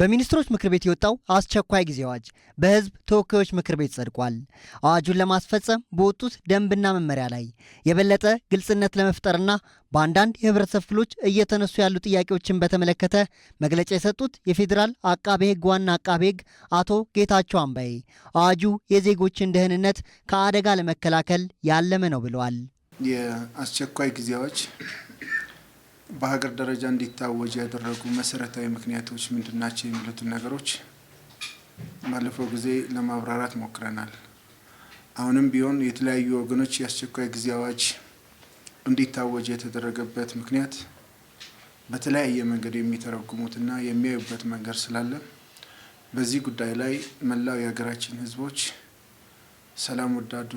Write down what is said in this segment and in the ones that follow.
በሚኒስትሮች ምክር ቤት የወጣው አስቸኳይ ጊዜ አዋጅ በሕዝብ ተወካዮች ምክር ቤት ጸድቋል። አዋጁን ለማስፈጸም በወጡት ደንብና መመሪያ ላይ የበለጠ ግልጽነት ለመፍጠርና በአንዳንድ የህብረተሰብ ክፍሎች እየተነሱ ያሉ ጥያቄዎችን በተመለከተ መግለጫ የሰጡት የፌዴራል አቃቤ ሕግ ዋና አቃቤ ሕግ አቶ ጌታቸው አምባዬ አዋጁ የዜጎችን ደህንነት ከአደጋ ለመከላከል ያለመ ነው ብለዋል። የአስቸኳይ ጊዜ አዋጅ በሀገር ደረጃ እንዲታወጅ ያደረጉ መሰረታዊ ምክንያቶች ምንድን ናቸው የሚሉትን ነገሮች ባለፈው ጊዜ ለማብራራት ሞክረናል። አሁንም ቢሆን የተለያዩ ወገኖች የአስቸኳይ ጊዜ አዋጅ እንዲታወጅ የተደረገበት ምክንያት በተለያየ መንገድ የሚተረጉሙትና የሚያዩበት መንገድ ስላለ በዚህ ጉዳይ ላይ መላው የሀገራችን ሕዝቦች ሰላም ወዳዱ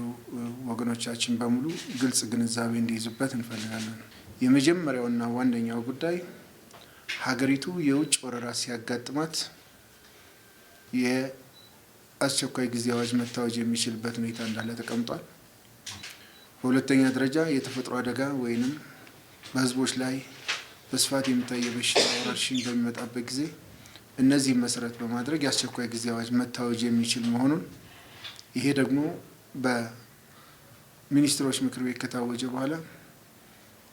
ወገኖቻችን በሙሉ ግልጽ ግንዛቤ እንዲይዙበት እንፈልጋለን። የመጀመሪያውና ዋነኛው ጉዳይ ሀገሪቱ የውጭ ወረራ ሲያጋጥማት የአስቸኳይ ጊዜ አዋጅ መታወጅ የሚችልበት ሁኔታ እንዳለ ተቀምጧል። በሁለተኛ ደረጃ የተፈጥሮ አደጋ ወይንም በህዝቦች ላይ በስፋት የሚታይ የበሽታ ወረርሽኝ በሚመጣበት ጊዜ እነዚህ መሰረት በማድረግ የአስቸኳይ ጊዜ አዋጅ መታወጅ የሚችል መሆኑን ይሄ ደግሞ በሚኒስትሮች ምክር ቤት ከታወጀ በኋላ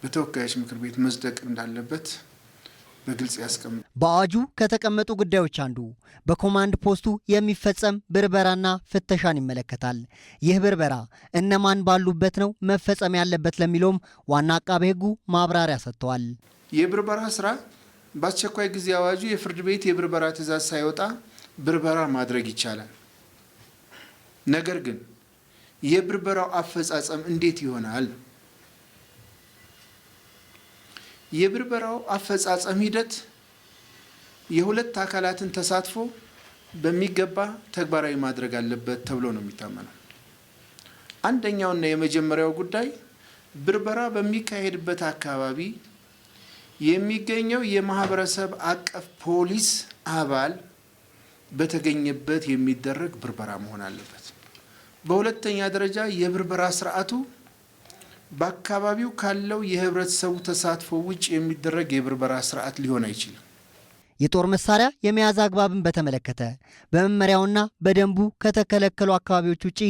በተወካዮች ምክር ቤት መጽደቅ እንዳለበት በግልጽ ያስቀምጣል። በአዋጁ ከተቀመጡ ጉዳዮች አንዱ በኮማንድ ፖስቱ የሚፈጸም ብርበራና ፍተሻን ይመለከታል። ይህ ብርበራ እነማን ባሉበት ነው መፈጸም ያለበት ለሚለውም ዋና አቃቤ ሕጉ ማብራሪያ ሰጥተዋል። የብርበራ ስራ በአስቸኳይ ጊዜ አዋጁ የፍርድ ቤት የብርበራ ትዕዛዝ ሳይወጣ ብርበራ ማድረግ ይቻላል። ነገር ግን የብርበራው አፈጻጸም እንዴት ይሆናል? የብርበራው አፈጻጸም ሂደት የሁለት አካላትን ተሳትፎ በሚገባ ተግባራዊ ማድረግ አለበት ተብሎ ነው የሚታመነው። አንደኛውና የመጀመሪያው ጉዳይ ብርበራ በሚካሄድበት አካባቢ የሚገኘው የማህበረሰብ አቀፍ ፖሊስ አባል በተገኘበት የሚደረግ ብርበራ መሆን አለበት። በሁለተኛ ደረጃ የብርበራ ስርዓቱ በአካባቢው ካለው የህብረተሰቡ ተሳትፎ ውጭ የሚደረግ የብርበራ ስርዓት ሊሆን አይችልም። የጦር መሳሪያ የመያዝ አግባብን በተመለከተ በመመሪያውና በደንቡ ከተከለከሉ አካባቢዎች ውጪ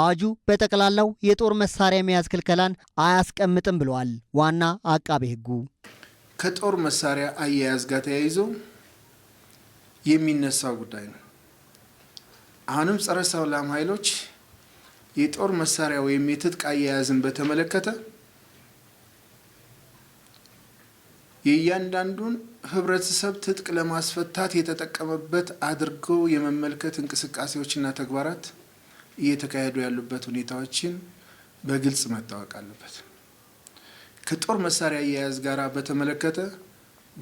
አዋጁ በጠቅላላው የጦር መሳሪያ የመያዝ ክልከላን አያስቀምጥም ብለዋል ዋና አቃቤ ህጉ ከጦር መሳሪያ አያያዝ ጋር ተያይዞ የሚነሳው ጉዳይ ነው። አሁንም ጸረ ሰላም ኃይሎች የጦር መሳሪያ ወይም የትጥቅ አያያዝን በተመለከተ የእያንዳንዱን ህብረተሰብ ትጥቅ ለማስፈታት የተጠቀመበት አድርጎ የመመልከት እንቅስቃሴዎችና ተግባራት እየተካሄዱ ያሉበት ሁኔታዎችን በግልጽ መታወቅ አለበት። ከጦር መሳሪያ አያያዝ ጋር በተመለከተ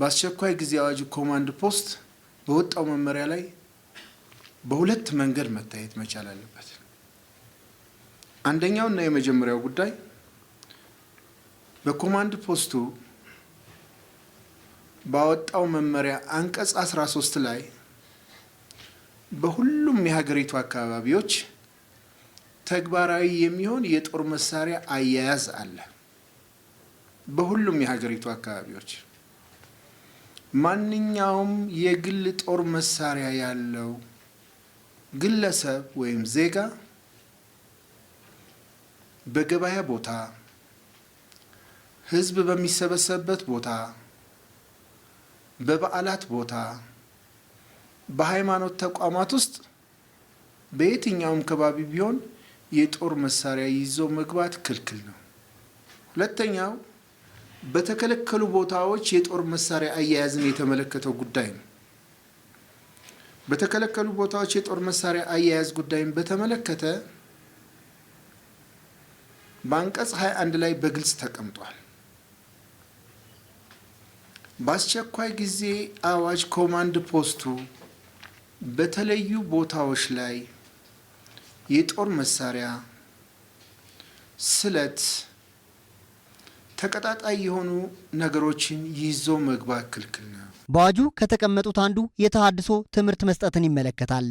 በአስቸኳይ ጊዜ አዋጅ ኮማንድ ፖስት በወጣው መመሪያ ላይ በሁለት መንገድ መታየት መቻል አለበት። እና የመጀመሪያው ጉዳይ በኮማንድ ፖስቱ ባወጣው መመሪያ አንቀጽ 13 ላይ በሁሉም የሀገሪቱ አካባቢዎች ተግባራዊ የሚሆን የጦር መሳሪያ አያያዝ አለ። በሁሉም የሀገሪቱ አካባቢዎች ማንኛውም የግል ጦር መሳሪያ ያለው ግለሰብ ወይም ዜጋ በገበያ ቦታ፣ ህዝብ በሚሰበሰብበት ቦታ፣ በበዓላት ቦታ፣ በሃይማኖት ተቋማት ውስጥ በየትኛውም ከባቢ ቢሆን የጦር መሳሪያ ይዞ መግባት ክልክል ነው። ሁለተኛው በተከለከሉ ቦታዎች የጦር መሳሪያ አያያዝን የተመለከተው ጉዳይ ነው። በተከለከሉ ቦታዎች የጦር መሳሪያ አያያዝ ጉዳይን በተመለከተ በአንቀጽ 21 ላይ በግልጽ ተቀምጧል። በአስቸኳይ ጊዜ አዋጅ ኮማንድ ፖስቱ በተለዩ ቦታዎች ላይ የጦር መሳሪያ ስለት ተቀጣጣይ የሆኑ ነገሮችን ይዞ መግባት ክልክል ነው። በአዋጁ ከተቀመጡት አንዱ የተሃድሶ ትምህርት መስጠትን ይመለከታል።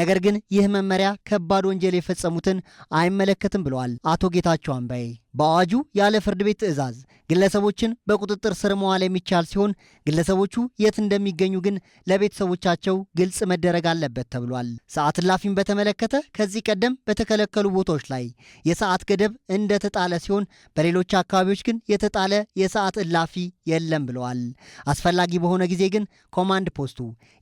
ነገር ግን ይህ መመሪያ ከባድ ወንጀል የፈጸሙትን አይመለከትም ብለዋል አቶ ጌታቸው አምባዬ። በአዋጁ ያለ ፍርድ ቤት ትዕዛዝ ግለሰቦችን በቁጥጥር ስር መዋል የሚቻል ሲሆን ግለሰቦቹ የት እንደሚገኙ ግን ለቤተሰቦቻቸው ግልጽ መደረግ አለበት ተብሏል። ሰዓት እላፊን በተመለከተ ከዚህ ቀደም በተከለከሉ ቦታዎች ላይ የሰዓት ገደብ እንደተጣለ ሲሆን በሌሎች አካባቢዎች ግን የተጣለ የሰዓት እላፊ የለም ብለዋል። አስፈላጊ በሆነ ጊዜ ግን ኮማንድ ፖስቱ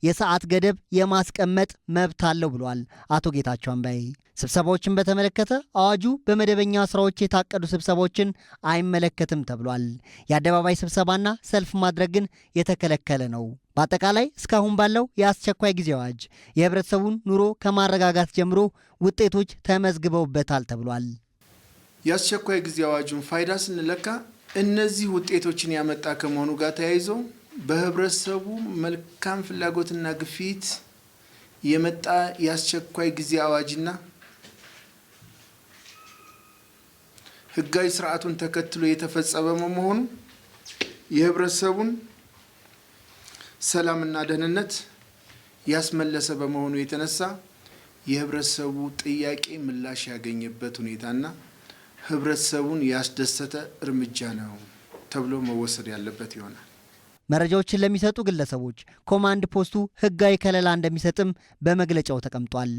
የሰዓት ገደብ የማስቀመጥ መብት አለው ብለዋል አቶ ጌታቸው አምባዬ። ስብሰባዎችን በተመለከተ አዋጁ በመደበኛ ስራዎች የታቀዱ ስብሰቦችን አይመለከትም ተብሏል። የአደባባይ ስብሰባና ሰልፍ ማድረግ ግን የተከለከለ ነው። በአጠቃላይ እስካሁን ባለው የአስቸኳይ ጊዜ አዋጅ የህብረተሰቡን ኑሮ ከማረጋጋት ጀምሮ ውጤቶች ተመዝግበውበታል ተብሏል። የአስቸኳይ ጊዜ አዋጁን ፋይዳ ስንለካ እነዚህ ውጤቶችን ያመጣ ከመሆኑ ጋር ተያይዞ በህብረተሰቡ መልካም ፍላጎትና ግፊት የመጣ የአስቸኳይ ጊዜ አዋጅና ህጋዊ ስርዓቱን ተከትሎ የተፈጸመ መሆኑ የህብረተሰቡን ሰላምና ደህንነት ያስመለሰ በመሆኑ የተነሳ የህብረተሰቡ ጥያቄ ምላሽ ያገኘበት ሁኔታና ህብረተሰቡን ያስደሰተ እርምጃ ነው ተብሎ መወሰድ ያለበት ይሆናል። መረጃዎችን ለሚሰጡ ግለሰቦች ኮማንድ ፖስቱ ህጋዊ ከለላ እንደሚሰጥም በመግለጫው ተቀምጧል።